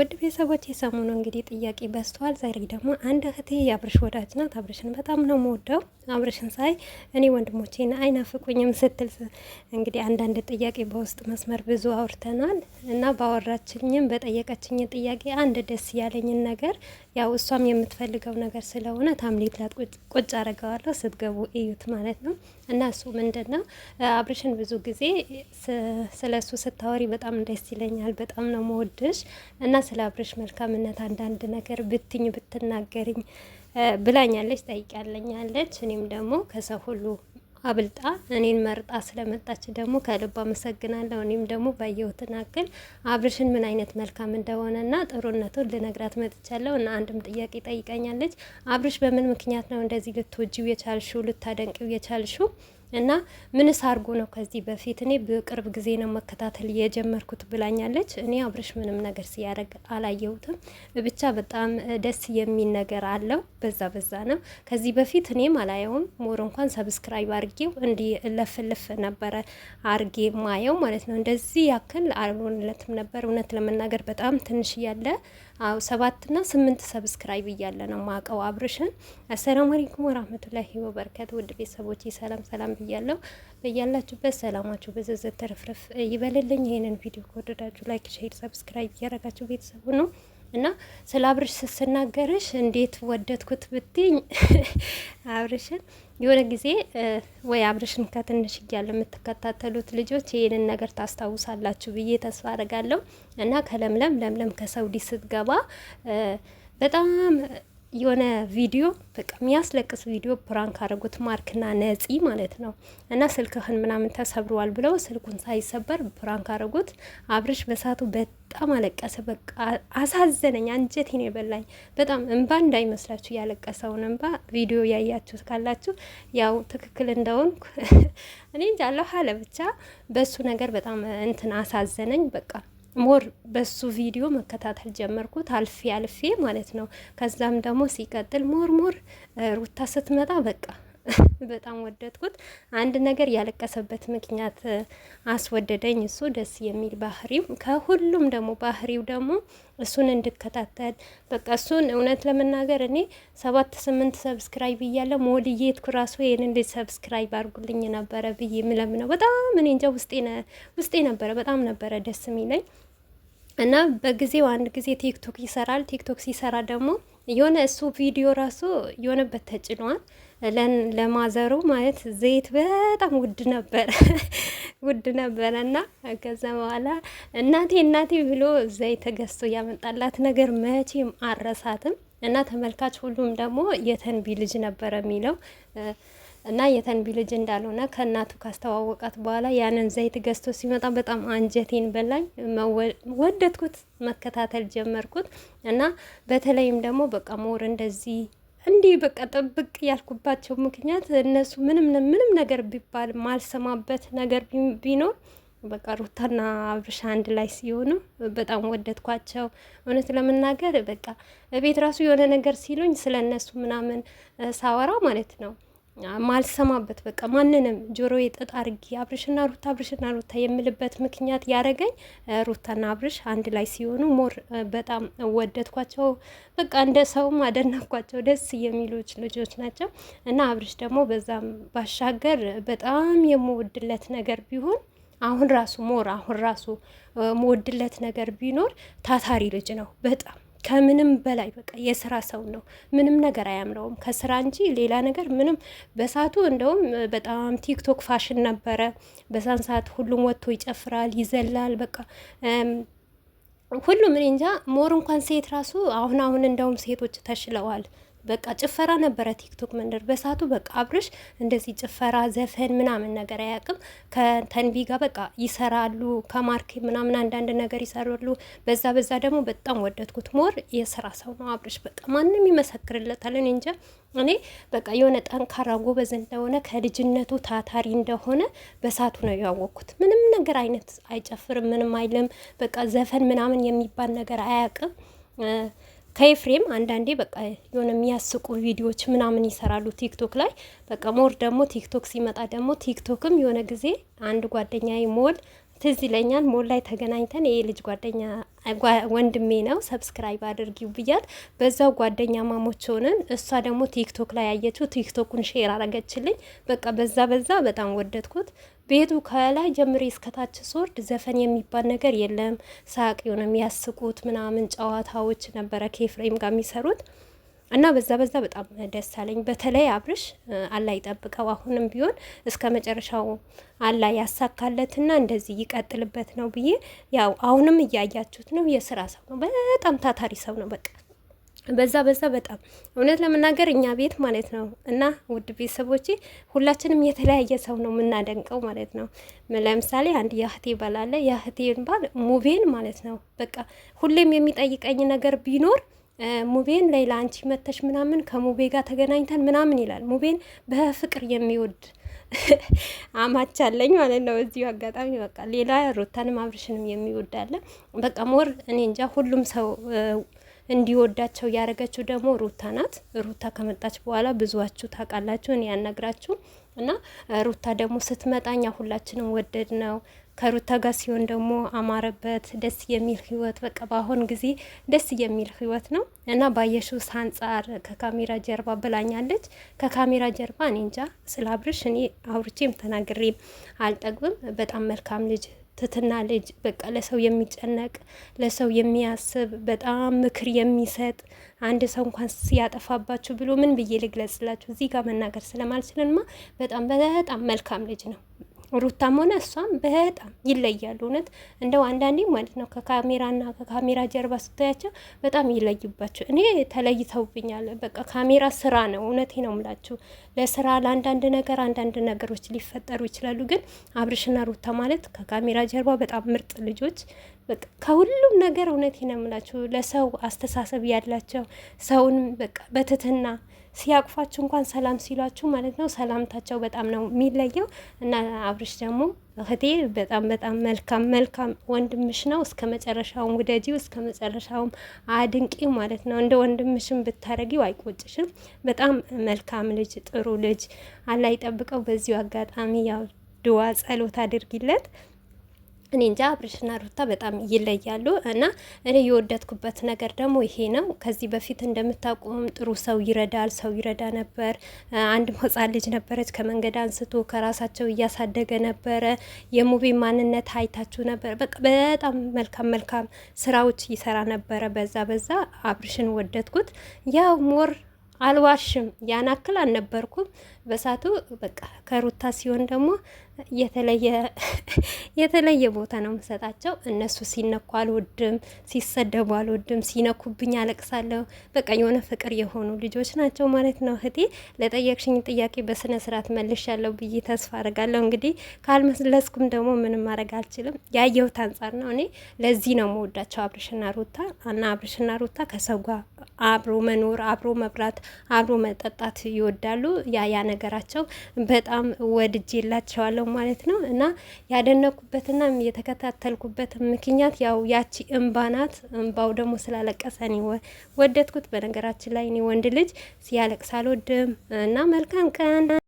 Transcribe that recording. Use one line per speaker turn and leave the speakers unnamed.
ውድ ቤተሰቦች የሰሞኑ እንግዲህ ጥያቄ በዝተዋል። ዛሬ ደግሞ አንድ እህቴ የአብርሽ ወዳጅ ናት። አብርሽን በጣም ነው የምወደው፣ አብርሽን ሳይ እኔ ወንድሞቼን አይናፍቁኝም ስትል እንግዲህ አንዳንድ ጥያቄ በውስጥ መስመር ብዙ አውርተናል እና ባወራችኝም በጠየቀችኝ ጥያቄ አንድ ደስ ያለኝን ነገር ያው እሷም የምትፈልገው ነገር ስለሆነ ታምሌት ላት ቁጭ አረገዋለሁ ስትገቡ እዩት ማለት ነው እና እሱ ምንድን ነው አብርሽን ብዙ ጊዜ ስለ እሱ ስታወሪ በጣም ደስ ይለኛል፣ በጣም ነው መወድሽ እና ስለ አብርሽ መልካምነት አንዳንድ ነገር ብትኝ ብትናገርኝ ብላኛለች፣ ጠይቃለኛለች። እኔም ደግሞ ከሰው ሁሉ አብልጣ እኔን መርጣ ስለመጣች ደግሞ ከልብ አመሰግናለሁ። እኔም ደግሞ ባየሁትን አክል አብርሽን ምን አይነት መልካም እንደሆነና ጥሩነቱን ልነግራት መጥቻለሁ እና አንድም ጥያቄ ጠይቀኛለች። አብርሽ በምን ምክንያት ነው እንደዚህ ልትወጂው የቻልሹ ልታደንቂው የቻልሹ? እና ምንስ አድርጎ ነው ከዚህ በፊት እኔ በቅርብ ጊዜ ነው መከታተል የጀመርኩት ብላኛለች። እኔ አብርሽ ምንም ነገር ሲያደርግ አላየሁትም። ብቻ በጣም ደስ የሚል ነገር አለው። በዛ በዛ ነው ከዚህ በፊት እኔም አላየውም። ሞር እንኳን ሰብስክራይብ አርጌው እንዲህ ለፍልፍ ነበረ አርጌ ማየው ማለት ነው። እንደዚህ ያክል አልሆንለትም ነበር እውነት ለመናገር በጣም ትንሽ እያለ አው ሰባት ሰባትና ስምንት ሰብስክራይብ እያለ ነው ማቀው አብርሽን። አሰላሙ አለይኩም ወራህመቱላሂ ወበረካቱ። ውድ ቤተሰቦቼ ሰላም ሰላም ብያለሁ። በያላችሁበት ሰላማችሁ በዘዘት ተረፍረፍ ይበልልኝ። ይሄንን ቪዲዮ ከወደዳችሁ ላይክ፣ ሼር፣ ሰብስክራይብ እያደረጋችሁ ቤተሰቡ ነው እና ስለ አብርሽ ስናገርሽ እንዴት ወደድኩት ብትኝ አብርሽን የሆነ ጊዜ ወይ አብርሽን ከትንሽ እያለ የምትከታተሉት ልጆች ይህንን ነገር ታስታውሳላችሁ ብዬ ተስፋ አድርጋለሁ እና ከለምለም ለምለም ከሰውዲ ስትገባ በጣም የሆነ ቪዲዮ በቃ የሚያስለቅስ ቪዲዮ ፕራንክ አድርጉት ማርክና ነፂ ማለት ነው። እና ስልክህን ምናምን ተሰብረዋል ብለው ስልኩን ሳይሰበር ፕራንክ አድርጉት። አብርሽ በሳቱ በጣም አለቀሰ። በቃ አሳዘነኝ፣ አንጀቴን የበላኝ በጣም እንባ እንዳይመስላችሁ ያለቀሰውን እንባ ቪዲዮ ያያችሁት ካላችሁ ያው ትክክል እንደሆንኩ እኔ እንጃለሁ አለ ብቻ በሱ ነገር በጣም እንትን አሳዘነኝ በቃ ሞር በሱ ቪዲዮ መከታተል ጀመርኩት አልፌ አልፌ ማለት ነው። ከዛም ደግሞ ሲቀጥል ሞር ሞር ሩታ ስትመጣ በቃ በጣም ወደድኩት። አንድ ነገር ያለቀሰበት ምክንያት አስወደደኝ። እሱ ደስ የሚል ባህሪው፣ ከሁሉም ደግሞ ባህሪው ደግሞ እሱን እንድከታተል በቃ እሱን እውነት ለመናገር እኔ ሰባት ስምንት ሰብስክራይብ እያለ ሞልየት ኩራሱ ይህን ሰብስክራይብ አድርጉልኝ ነበረ ብዬ የምለምነው በጣም እኔ እንጃ ውስጤ ነበረ። በጣም ነበረ ደስ የሚለኝ እና በጊዜው አንድ ጊዜ ቲክቶክ ይሰራል። ቲክቶክ ሲሰራ ደግሞ የሆነ እሱ ቪዲዮ ራሱ የሆነበት ተጭኗል ለማዘሩ ማለት ዘይት በጣም ውድ ነበረ ውድ ነበረ እና ከዛ በኋላ እናቴ እናቴ ብሎ ዘይት ገዝቶ ያመጣላት ነገር መቼም አረሳትም። እና ተመልካች ሁሉም ደግሞ የተንቢ ልጅ ነበረ የሚለው እና የተንቢ ልጅ እንዳልሆነ ከእናቱ ካስተዋወቃት በኋላ ያንን ዘይት ገዝቶ ሲመጣ በጣም አንጀቴን በላኝ። ወደድኩት፣ መከታተል ጀመርኩት እና በተለይም ደግሞ በቃ ሞር እንደዚህ እንዲህ በቃ ጥብቅ ያልኩባቸው ምክንያት እነሱ ምንም ምንም ነገር ቢባል ማልሰማበት ነገር ቢኖር በቃ ሩታና አብርሻ አንድ ላይ ሲሆኑ በጣም ወደድኳቸው። እውነት ለመናገር በቃ ቤት ራሱ የሆነ ነገር ሲሉኝ ስለ እነሱ ምናምን ሳወራ ማለት ነው ማልሰማበት በቃ ማንንም ጆሮ የጥጥ አርጌ አብርሽና ሩታ አብርሽና ሩታ የምልበት ምክንያት ያደረገኝ ሩታና አብርሽ አንድ ላይ ሲሆኑ ሞር በጣም ወደድኳቸው። በቃ እንደ ሰውም አደናኳቸው። ደስ የሚሉ ልጆች ናቸው እና አብርሽ ደግሞ በዛም ባሻገር በጣም የምወድለት ነገር ቢሆን አሁን ራሱ ሞር አሁን ራሱ ወድለት ነገር ቢኖር ታታሪ ልጅ ነው በጣም ከምንም በላይ በቃ የስራ ሰው ነው። ምንም ነገር አያምረውም ከስራ እንጂ ሌላ ነገር ምንም። በሳቱ እንደውም በጣም ቲክቶክ ፋሽን ነበረ። በዛን ሰዓት ሁሉም ወጥቶ ይጨፍራል፣ ይዘላል። በቃ ሁሉም እኔ እንጃ ሞር እንኳን ሴት ራሱ አሁን አሁን እንደውም ሴቶች ተሽለዋል። በቃ ጭፈራ ነበረ ቲክቶክ መንደር በሳቱ በቃ አብርሽ እንደዚህ ጭፈራ ዘፈን ምናምን ነገር አያውቅም። ከተንቢ ጋር በቃ ይሰራሉ፣ ከማርክ ምናምን አንዳንድ ነገር ይሰራሉ። በዛ በዛ ደግሞ በጣም ወደድኩት። ሞር የስራ ሰው ነው አብርሽ በቃ ማንም ይመሰክርለታል። እኔ እንጃ እኔ በቃ የሆነ ጠንካራ ጎበዝ እንደሆነ ከልጅነቱ ታታሪ እንደሆነ በሳቱ ነው ያወቅኩት። ምንም ነገር አይነት አይጨፍርም፣ ምንም አይልም። በቃ ዘፈን ምናምን የሚባል ነገር አያውቅም። ከኤፍሬም አንዳንዴ በቃ የሆነ የሚያስቁ ቪዲዮዎች ምናምን ይሰራሉ ቲክቶክ ላይ። በቃ ሞር ደግሞ ቲክቶክ ሲመጣ ደግሞ ቲክቶክም የሆነ ጊዜ አንድ ጓደኛ ሞል ትዝ ይለኛል። ሞል ላይ ተገናኝተን ይሄ ልጅ ጓደኛ ወንድሜ ነው ሰብስክራይብ አድርጊው ብያት፣ በዛው ጓደኛ ማሞች ሆነን እሷ ደግሞ ቲክቶክ ላይ ያየችው ቲክቶኩን ሼር አረገችልኝ። በቃ በዛ በዛ በጣም ወደድኩት። ቤቱ ከላይ ጀምሬ እስከታች ስወርድ ዘፈን የሚባል ነገር የለም። ሳቅ የሚያስቁት ምናምን ጨዋታዎች ነበረ ከኤፍሬም ጋር የሚሰሩት እና በዛ በዛ በጣም ደስ አለኝ። በተለይ አብርሽ አላ ይጠብቀው፣ አሁንም ቢሆን እስከ መጨረሻው አላ ያሳካለትና እንደዚህ ይቀጥልበት ነው ብዬ ያው አሁንም እያያችሁት ነው። የስራ ሰው ነው፣ በጣም ታታሪ ሰው ነው። በቃ በዛ በዛ በጣም እውነት ለመናገር እኛ ቤት ማለት ነው እና ውድ ቤተሰቦቼ ሁላችንም የተለያየ ሰው ነው የምናደንቀው ማለት ነው። ለምሳሌ አንድ የህቴ ባል አለ። የእህቴን ባል ሙቤን ማለት ነው በቃ ሁሌም የሚጠይቀኝ ነገር ቢኖር ሙቤን ሌላ አንቺ መተሽ ምናምን ከሙቤ ጋር ተገናኝተን ምናምን ይላል። ሙቤን በፍቅር የሚወድ አማች አለኝ ማለት ነው። እዚሁ አጋጣሚ በቃ ሌላ ሩታንም አብርሽንም የሚወድ አለ። በቃ ሞር እኔ እንጃ ሁሉም ሰው እንዲወዳቸው ያደረገችው ደግሞ ሩታ ናት። ሩታ ከመጣች በኋላ ብዙዋችሁ ታውቃላችሁ፣ እኔ ያናግራችሁ እና ሩታ ደግሞ ስትመጣ እኛ ሁላችንም ወደድ ነው ከሩታ ጋር ሲሆን ደግሞ አማረበት። ደስ የሚል ህይወት በቃ በአሁን ጊዜ ደስ የሚል ህይወት ነው እና ባየሹስ አንጻር ከካሜራ ጀርባ ብላኛለች። ከካሜራ ጀርባ እኔ እንጃ ስለ አብርሽ እኔ አውርቼም ተናግሬም አልጠግብም። በጣም መልካም ልጅ ትትና ልጅ በቃ ለሰው የሚጨነቅ ለሰው የሚያስብ በጣም ምክር የሚሰጥ አንድ ሰው እንኳን ሲያጠፋባችሁ ብሎ ምን ብዬ ልግለጽላችሁ እዚህ ጋር መናገር ስለማልችልንማ በጣም በጣም መልካም ልጅ ነው። ሩታም ሆነ እሷም በጣም ይለያሉ። እውነት እንደው አንዳንዴ ማለት ነው ከካሜራና ከካሜራ ጀርባ ስታያቸው በጣም ይለይባቸው። እኔ ተለይተውብኛል። በቃ ካሜራ ስራ ነው። እውነቴ ነው ምላችሁ ለስራ ለአንዳንድ ነገር አንዳንድ ነገሮች ሊፈጠሩ ይችላሉ። ግን አብርሽና ሩታ ማለት ከካሜራ ጀርባ በጣም ምርጥ ልጆች በቃ ከሁሉም ነገር እውነት ነው ለሰው አስተሳሰብ ያላቸው ሰውን በቃ በትትና ሲያቅፋችሁ እንኳን ሰላም ሲሏችሁ ማለት ነው ሰላምታቸው በጣም ነው የሚለየው። እና አብርሽ ደግሞ እህቴ በጣም በጣም መልካም መልካም ወንድምሽ ነው። እስከ መጨረሻውም ውደጂው፣ እስከ መጨረሻውም አድንቂው ማለት ነው። እንደ ወንድምሽም ብታረጊው አይቆጭሽም። በጣም መልካም ልጅ፣ ጥሩ ልጅ አላ ይጠብቀው። በዚሁ አጋጣሚ ያው ድዋ ጸሎት አድርጊለት። እኔ እንጃ አብርሽና ሩታ በጣም ይለያሉ እና እኔ የወደድኩበት ነገር ደግሞ ይሄ ነው። ከዚህ በፊት እንደምታውቁም ጥሩ ሰው ይረዳል፣ ሰው ይረዳ ነበር። አንድ ሕጻን ልጅ ነበረች፣ ከመንገድ አንስቶ ከራሳቸው እያሳደገ ነበረ። የሙቪ ማንነት አይታችሁ ነበር። በጣም መልካም መልካም ስራዎች ይሰራ ነበረ። በዛ በዛ አብርሽን ወደድኩት። ያው ሞር አልዋሽም፣ ያናክል አልነበርኩም በሳቱ በቃ ከሩታ ሲሆን ደግሞ የተለየ ቦታ ነው የምሰጣቸው። እነሱ ሲነኩ አልወድም፣ ሲሰደቡ አልወድም፣ ሲነኩብኝ አለቅሳለሁ። በቃ የሆነ ፍቅር የሆኑ ልጆች ናቸው ማለት ነው። እህቴ ለጠየቅሽኝ ጥያቄ በስነ ስርዓት መልሻለሁ ብዬ ተስፋ አርጋለሁ። እንግዲህ ካልመለስኩም ደግሞ ምንም ማድረግ አልችልም። ያየሁት አንጻር ነው። እኔ ለዚህ ነው መወዳቸው አብርሽና ሩታ እና አብርሽና ሩታ ከሰው ጋር አብሮ መኖር፣ አብሮ መብራት፣ አብሮ መጠጣት ይወዳሉ። ያ ያ ነገራቸው በጣም ወድጄላቸዋለሁ ማለት ነው እና ያደነኩበትና የተከታተልኩበት ምክንያት ያው ያቺ እምባ ናት። እምባው ደግሞ ስላለቀሰ እኔ ወደድኩት። በነገራችን ላይ እኔ ወንድ ልጅ ሲያለቅስ አልወድም እና መልካም ቀን